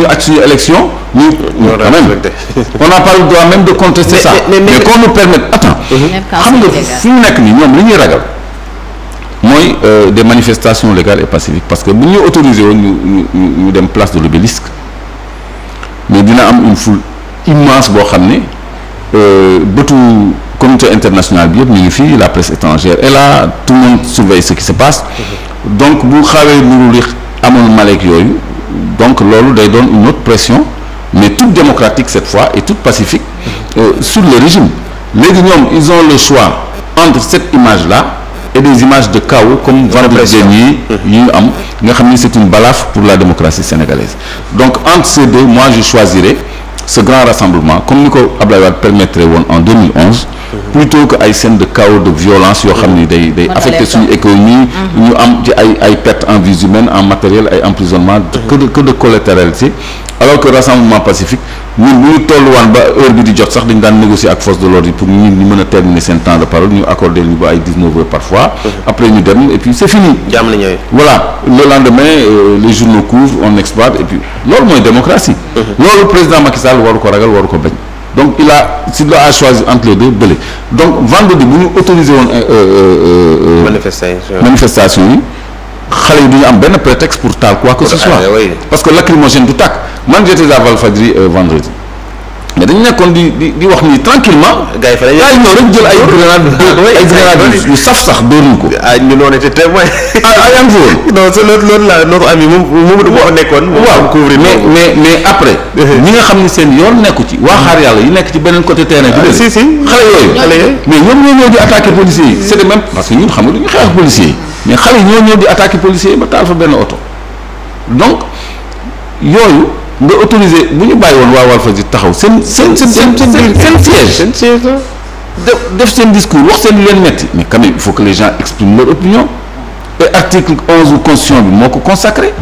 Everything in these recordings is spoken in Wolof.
ñu ak suñu élection ñu quand même on n'a pas le droit de contester mais, ça mais, mais, mais mm-hmm. xam nga fi nekk nii ñoom li ñuy ragal mooy euh, de manifestation légales et pacifiques parce que bu ñu autorisé woon ñu ñu ñu dem place de l'obélisque mais dina am une foule immense boo xam ne euh, bëtu communauté international bi yëpp ñu ngi fii la presse étrangère est là tout le monde surveille ce qui se passe mm-hmm. donc bu xawee nuru li amoon maleek yooyu donc loolu day doon une autre pression mais toute démocratique cette fois et toute pacifique euh, sur le régime léegi ñoom ils ont le choix entre cette image là et des images de chaos comme vendredi dernier mhm. yi ñu am nga xam ni c'est une balafre pour la démocratie sénégalaise donc entre ces deux moi je choisirais ce grand rassemblement comme ni ko Abdoulaye Wade permettrait woon en 2011 plutôt que ay scène de chaos de violence yoo xam ni day day affecté su économie mm-hmm. ñu am ci ay ay pertes en vies humaines en matériel ay emprisonnement mm-hmm. que de que de collatéralité alors que rassemblement pacifique ñun tolluwaan ba heure bi di jot sax dañ daan négocier ak force de l'ordre yi pour ñun ñu mën a terminer seen temps de parole ñu accordé ñu ba ay 19 heures parfois. Mm-hmm. après ñu dem et puis c'est fini. jàmm le lendemain euh, les journaux couvrent on exploite et puis mooy démocratie. président Macky Sall waru ko ragal waru ko bañ. donc il a s'il a choisi entre les deux bële donc vendredi bu ñu autorisé woon. Euh, euh, euh, manifestation manifestation yi xale yi du ñu am benn prétexte pour taal quoi que ce soit. parce que lacrymogène du tàkk man j'étais à Valfadri vendredi. mais dañu nekkoon di di di wax nii tranquillement gars yi fa la ñëw rek jël ay grenade ay grenade yu sax dóoruñ ko. ah ñu noonu te témoin. ah ay ah, am si woon. non c'est loolu loolu am yi mais mais mais après. Uh-huh. ñi nga xam ne seen yoon nekku ci. waa xaar yàlla yi nekk ci beneen côté terrain bi. Ah, si si xale yooyu. xale yooyu mais ñoom ñoo ñëw di attaquer policiers yi. mais xale yi ñoo ñëw di attaquer policiers yi ba taal fa benn oto donc yooyu. nga autorisé bu ñu bàyyi woon waa Walfadjri taxaw seen seen seen seen seen siège def seen discours wax seen lu leen metti mais quand même il faut que les gens expriment leur opinion et article onze u constitution bi moo ko consacré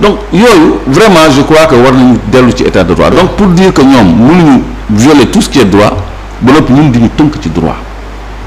donc yooyu vraiment je crois que war nañu dellu ci état de droit donc pour dire que ñoom mënuñu violer tout ce qui est droit ba noppi ñun di ñu tënk ci droit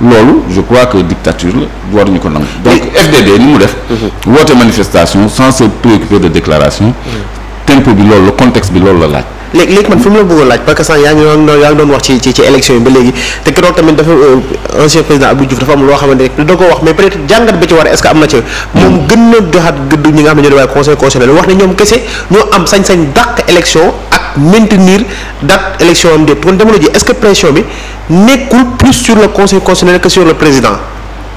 loolu je crois que dictature la war ñu ko nangu donc FDD ni mu def mhm. woote manifestation sans se préoccuper déclaration mhm. tempo bi loolu la contexte bi loolu la laaj. léegi léegi man fi mu la bëggoon laaj parce que yaa ngi doon wax ci ci yi ba léegi te keroog tamit dafa euh, ancien président Abdou dafa am loo xamante ne da ko wax mais peut na ci moom gën na joxaat gëdd ñi nga xam ne ñoo di waaye ñoo am sañ-sañ dàq élection ak maintenir date élection am déet kon jamono ji est-ce que pression bi nekkul plus sur le conseil constitutionnel que sur le président.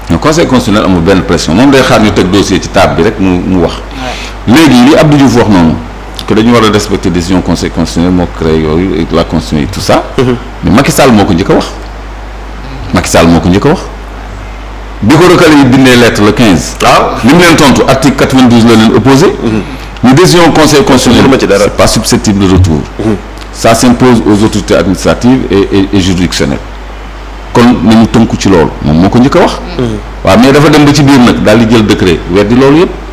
non conseil constitutionnel amul benn pression moom day xaar ñu teg dossier mu mu wax. léegi li Abdou Diouf que dañu war a respecter décision conseil constitutionnel moo créé yooyu la constitution yi tout ça. Mm-hmm. mais Macky moo ko njëkk wax. Macky Sall moo ko njëkk wax. bi ko recalé yi bindee lettre le 15. waaw li mu leen tontu article 92 la leen opposé. ñu mm-hmm. décision conseil constitutionnel c'est pas susceptible de retour. Mm-hmm. ça s'impose aux autorités administratives et et et juridictionnelles. kon nañu tënku ci loolu moom moo ko njëkk a wax. waaw mais dafa dem ba ci biir nag daal di jël décret weddi loolu yëpp.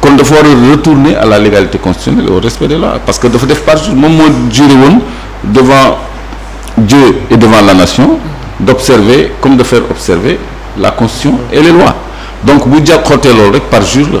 kon dafa war a retourner à la légalité constitutionnelle au respect des lois parce que dafa def par jour moom moo juré woon devant Dieu et devant la nation d'observer comme de faire observer la constitution et les lois donc bu jàkkootee loolu rek par jour la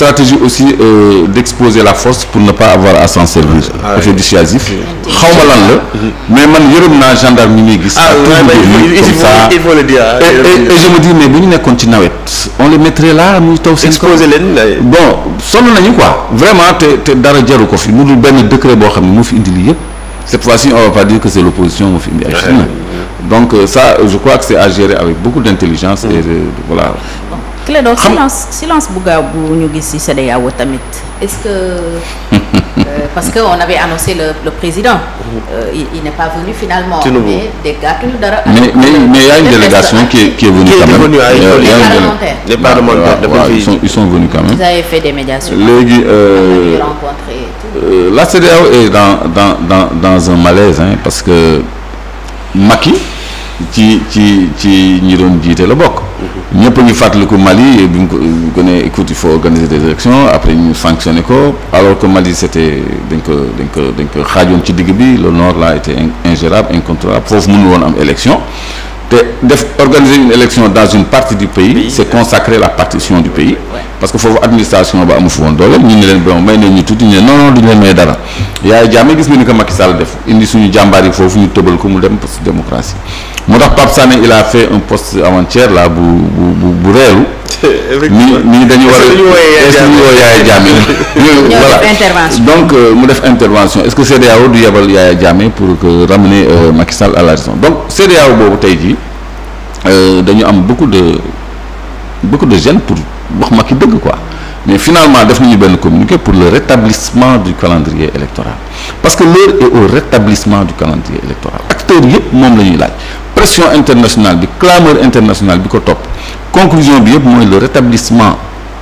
stratégie aussi euh, d'exposer la force pour ne pas avoir à s'en servir. ah effet dissuasif. lan la. Mhm. mais man yërëm na gendarme yi ñuy gis. ah oui il faut le mais bu ñu nekkoon ci nawet. on les mettrait là muy taw seen. exposer leen bon na nañu quoi. vraiment te te dara jaru ko fi mu dul benn décret boo xam ne moo fi indi lii yëpp. cette fois-ci on va pas dire que c'est l'opposition moo fi indi ay. donc euh, ça je crois que c'est à gérer avec beaucoup d'intelligence. et voilà. Clédor silence silence bu gaaw bu ñu gis ci CEDEAO tamit est-ce que euh, parce que on avait annoncé le le président euh, il, il n'est pas venu finalement mais il y a une délégation qui est qui est venue quand même les sont ils quand même euh, euh, la CEDEAO est dans un malaise parce que Macky ci ci ci ñi doon jiite la bokk. ñëpp ñu ngi fàttaliku Mali bi mu ko bu ko nee écoute il faut organiser des élections après ñu sanctionné ko alors que Mali c' était dañ ko dañ ko dañ ko xaajoon ci digg bi le nord là était ingérable incontrôlable foofu mënu woon am élection. te def organiser une élection dans une partie du pays c'est consacrer la partition du pays parce que foofu administration ba amu fi woon doole ñu ne leen bon may ne ñu tuuti ñu ne non non duñu leen may dara yaay jàmme gis nga ni ko Macky def indi suñu jàmbaar yi foofu ñu tëbal ko mu dem parce que démocratie moo tax Pape Sané il a fait un poste avant-hier là bu bu bu reelu nii dañu war a est-ce que ñu woo Yaya Jammeh donc euh, mu def intervention est-ce que CEDEAO du yebal Yaya Jammeh pour que ramener euh, Macky Sall à la raison donc CEDEAO boobu tey jii euh, dañu am beaucoup de beaucoup de jeunes pour wax Macky dëgg quoi mais finalement def nañu benn communiqué pour le rétablissement du calendrier électoral parce que l'heure est au rétablissement du calendrier électoral acteurs yëpp moom la ñuy laaj pression internationale bi clameur internationale bi ko topp conclusion bi yëpp mooy le rétablissement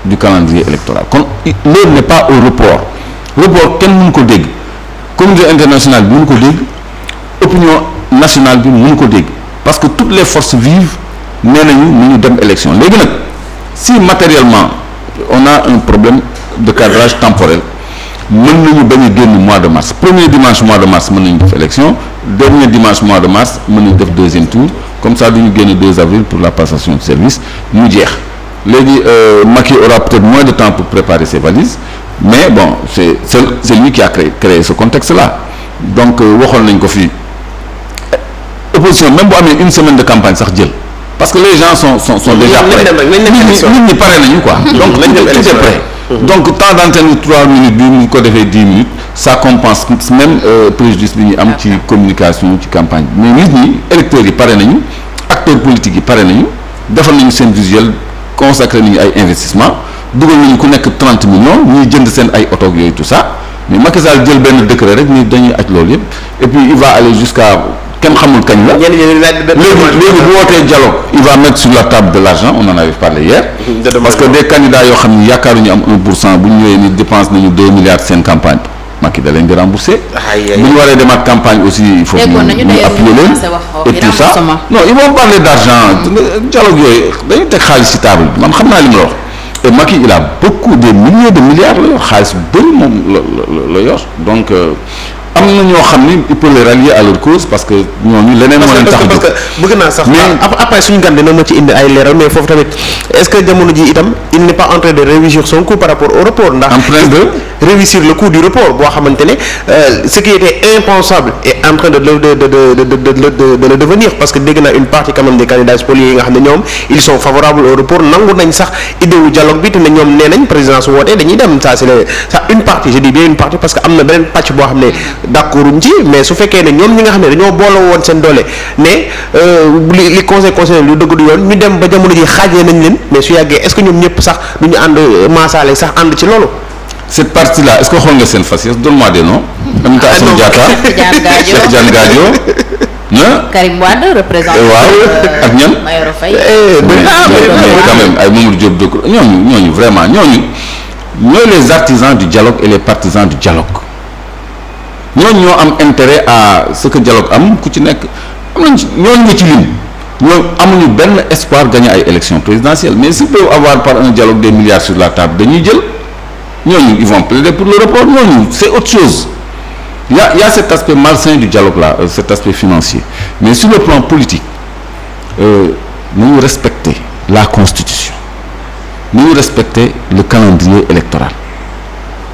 du calendrier électoral kon l'heure n'est pas au report report kenn mun ko dégg communauté internationale bi mun ko dégg opinion nationale bi mënu ko dégg parce que toutes les forces vives nee nañu mu ñu dem élection léegi nag si matériellement on a un problème de cadrage temporel mën nañu bañ a génn mois de mars premier dimanche mois de mars mën nañu def élection dernier dimanche mois de mars mën nañu def deuxième tour comme ça du ñu génn 2 avril pour la passation de service mu jeex léegi euh, Macky aura peut-être moins de temps pour préparer ses valises mais bon c'est c'est c'est lui qui a créé, créé ce contexte-là donc euh, waxoon nañ ko fii opposition même bu amee une semaine de campagne sax jël parce que les gens sont déjà prêts nañu quoi donc donc temps d'antenne trois minutes bi mu ko defee dix minutes sa compense même euh, préjudice bi ñuy am ci communication ci campagne bi mais nit ñi électeurs yi pare nañu acteurs politiques yi pare nañu defal nañu seen visuel consacré nañu ay investissement dugal nañu ku nekk trente millions ñuy jënd seen ay otoog yooyu tout ça mais Macky Sall jël benn décret rek ni dañuy aj loolu yëpp et puis il va aller jusqu'à kenn xamul kañ la. léegi léegi bu wootee dialogue il va mettre sur la table de l'argent on en avait parlé hier. Mm-hmm, parce que des candidats yoo xam ne yaakaaruñu am 1 pour cent bu ñu ñëwee ni dépense nañu 2 milliards seen campagne Macky da leen di remboursé. bu ñu waree demaat campagne aussi il faut. ñu ñu appuyer leen et tout ça non ils vont parler d'argent dialogue yooyu dañu teg xaalis ci table man xam naa li mu la wax et Macky il a beaucoup des milliers de milliards am na ñoo xam ni il parce que ñooñu leneen moo leen tax parce que bëgg naa sax mais après suñu gan dina ma ci indi ay leeral mais foofu tamit est-ce que jamono ji itam il n'est pas en de réviser son coup par rapport au report ndax en de réussir le coup du report boo xamante ne euh, ce qui yi nga xam ne ñoom ils sont favorables au report nangu nañ sax idée wu dialogue bi te ne ñoom nee présidence wootee dañuy dem ça c'est ça une partie je dis une partie d'accorduñ ci mais su fekkee ne ñoom ñi nga xam ne dañoo boole woon seen doole ne euh, li li conseil conseil lu dëgg du yoon ñu dem ba jamono ji xaajee nañ leen mais su yàggee est-ce que ñoom ñëpp sax du ñu ànd maasaale sax ànd ci loolu. cette partie la est-ce nga seen fas yas donne-moi des noms. Aminata ah, Assome Diatta Cheikh Diane Gadio na Karim Wade représenté. Eh, waaw euh, ak ñan Mayoro Faye. Eh, ah, quand même ay Mamadou Diop dëkk ñooñu ñooñu vraiment ñooñu ñooy les artisans du dialogue et les partisans du dialogue ñooñu ñoo am intérêt à ce que dialogue am ku ci nekk am nañ ci ñooñu nga ci lim ñoo amuñu benn espoir gagner ay élections présidentielles mais s'ils peuvent avoir par un dialogue des milliards sur la table dañuy jël ñooñu ils vont plaider pour le report ñooñu c'est autre chose il y a il y a cet aspect malsain du dialogue là euh, cet aspect financier mais sur le plan politique euh, nañu respecter la constitution nañu respecter le calendrier électoral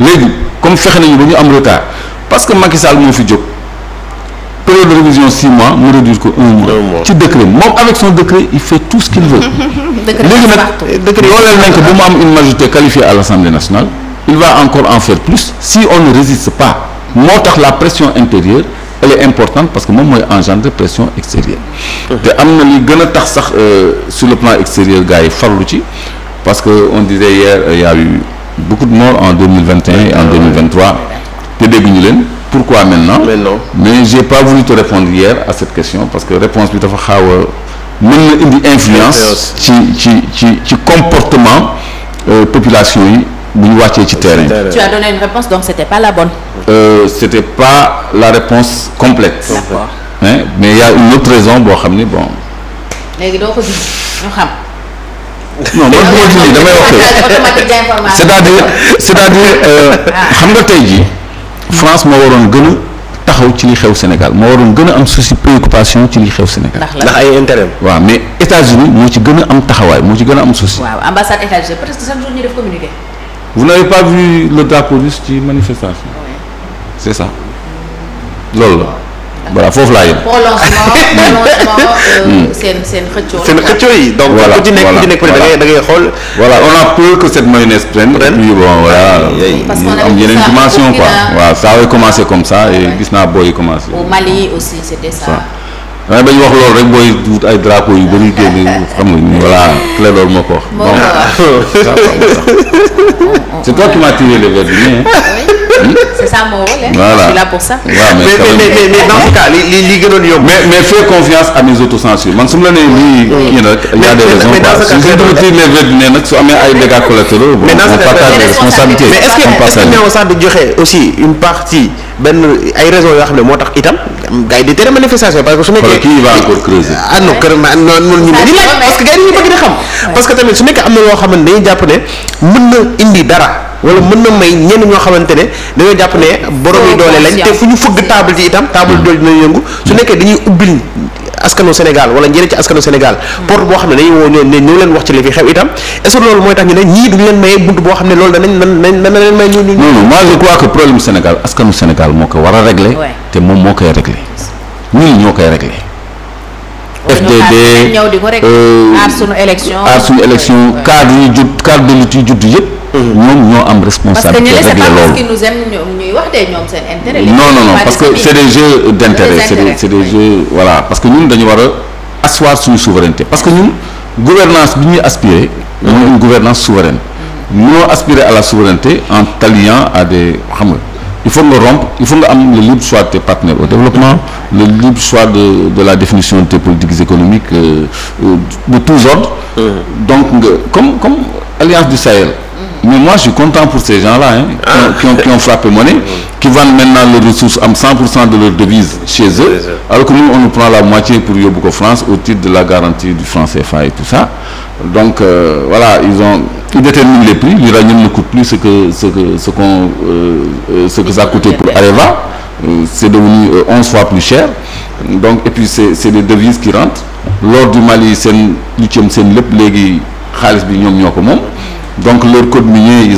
léegi comme fexe nañu ba ñu am retard parce que Macky Sall moo fi jog période de révision six mois mu réduire ko un mois. ci décret moom avec son décret il fait tout ce qu'il veut. léegi nag décret dooleel nañ ko bu mu am une majorité qualifiée à l'Assemblée nationale il va encore en faire plus si on ne résiste pas moo tax la pression intérieure elle est importante parce que moom mooy engendrer pression extérieure. te am na li gën a tax sax euh, sur le plan extérieur gars yi farlu ci parce que on di hier il y a eu beaucoup de mille vingt et te dégguñu leen pourquoi maintenant. maintenant mais j'ai pas voulu te répondre hier à cette question parce que réponse bi dafa xaaw mën na indi influence ci ci ci ci comportement euh, yi bu ñu wàccee ci terrain tu as donné une réponse donc c'était pas la bonne euh, c'était pas la réponse complète mais il une autre raison boo xam ni bon léegi doo ko damay wax c'est-à-dire c'est-à-dire euh, ah. xam nga tey jii France moo waroon gën a taxaw ci li xew Sénégal moo waroon gën a am souci préoccupation ci li xew Sénégal. ndax ay intérêt waaw mais États-Unis moo ci gën a am taxawaay moo ci gën a am souci. waaw ambassade États-Unis presque chaque jour ñu def ci manifestation. c'est ça loolu la. voilà foofu laa yem. Euh, hmm. seen seen xëccoo. seen xëccoo yi donc. voilà ku ci nekk ku ci nekk peut être da ngay da ngay xool. voilà on a bon voilà. parce que am yeneen dimension quoi. waaw ça a commencé comme ça gis naa booy commencé. au Mali aussi c'était ça. waaye wax loolu rek booy wut ay drapeaux yu bëri génn xam nga voilà clé loolu moo ko wax. bon c'est toi qui m'as tiré le verre c'est ça mon mais mais mais mais dans confiance à mes autocensures man su ma la nee nii. Mm. kii nag y a des raisons quoi su ñu tuuti les verres nag su amee ay dégâts collatéraux. mais dans ce cas sax di joxe aussi une partie benn ay raisons yoo xam ne moo tax itam. gars yi di manifestation parce que su nekkee am na loo xam ne jàpp ne mën na indi dara wala mën na may ñenn ñoo xamante ne dañoo jàpp ne borom yi doole lañ te fu ñu fëgg table ji itam table doole dina yëngu su nekkee dañuy ubbil askanu senegal wala njëriñ ci askanu Sénégal boo xam ne dañuy woo ñoo ne ñoo leen wax ci li fi itam est mooy tax ñu ne ñii duñ leen maye bunt boo xam ne loolu danañ nan nan leen may ñu ñu non moo ko war a régler te moom moo koy régler ñun ñoo koy régler FDD euh, aar suñu élection cadre yu judd cadre de lutte yu judd yëpp ñoom ñoo am responsabilité régler loolu parce que ñuy non non non parce que c' est des jeux d' intérêt c' est des c' est des jeux voilà parce que ñun dañu war a asseoir suñu parce que ñun gouvernance bi ñuy aspirer mooy une gouvernance souveraine mënoo aspirer à la souveraineté en t'alliant à des xam nga il faut nga rompre il faut nga am le libre soit de tes partenaires au développement le libre choix de de la définition de tes politiques économiques euh, euh de tous ordres mmh. donc nga comme comme alliance du Sahel mais moi je suis content pour ces gens-là hein, qui, ah. qui, ont, qui ont frappé monnaie, maintenant leurs ressources am de leurs devises chez eux, alors que nous on prend la moitié pour yóbbu ko France au titre de la garantie du franc CFA et tout ça. Donc euh, voilà, ils ont ils déterminent les prix, l'uranium ne coûte plus euh, euh, ce que ça coûtait pour Areva, c'est devenu onze fois plus cher. Donc et puis c'est c'est des devises qui rentrent. L'or du Mali seen lithium seen lépp léegi xaalis bi ñoom ñoo ko moom. donc leur code minier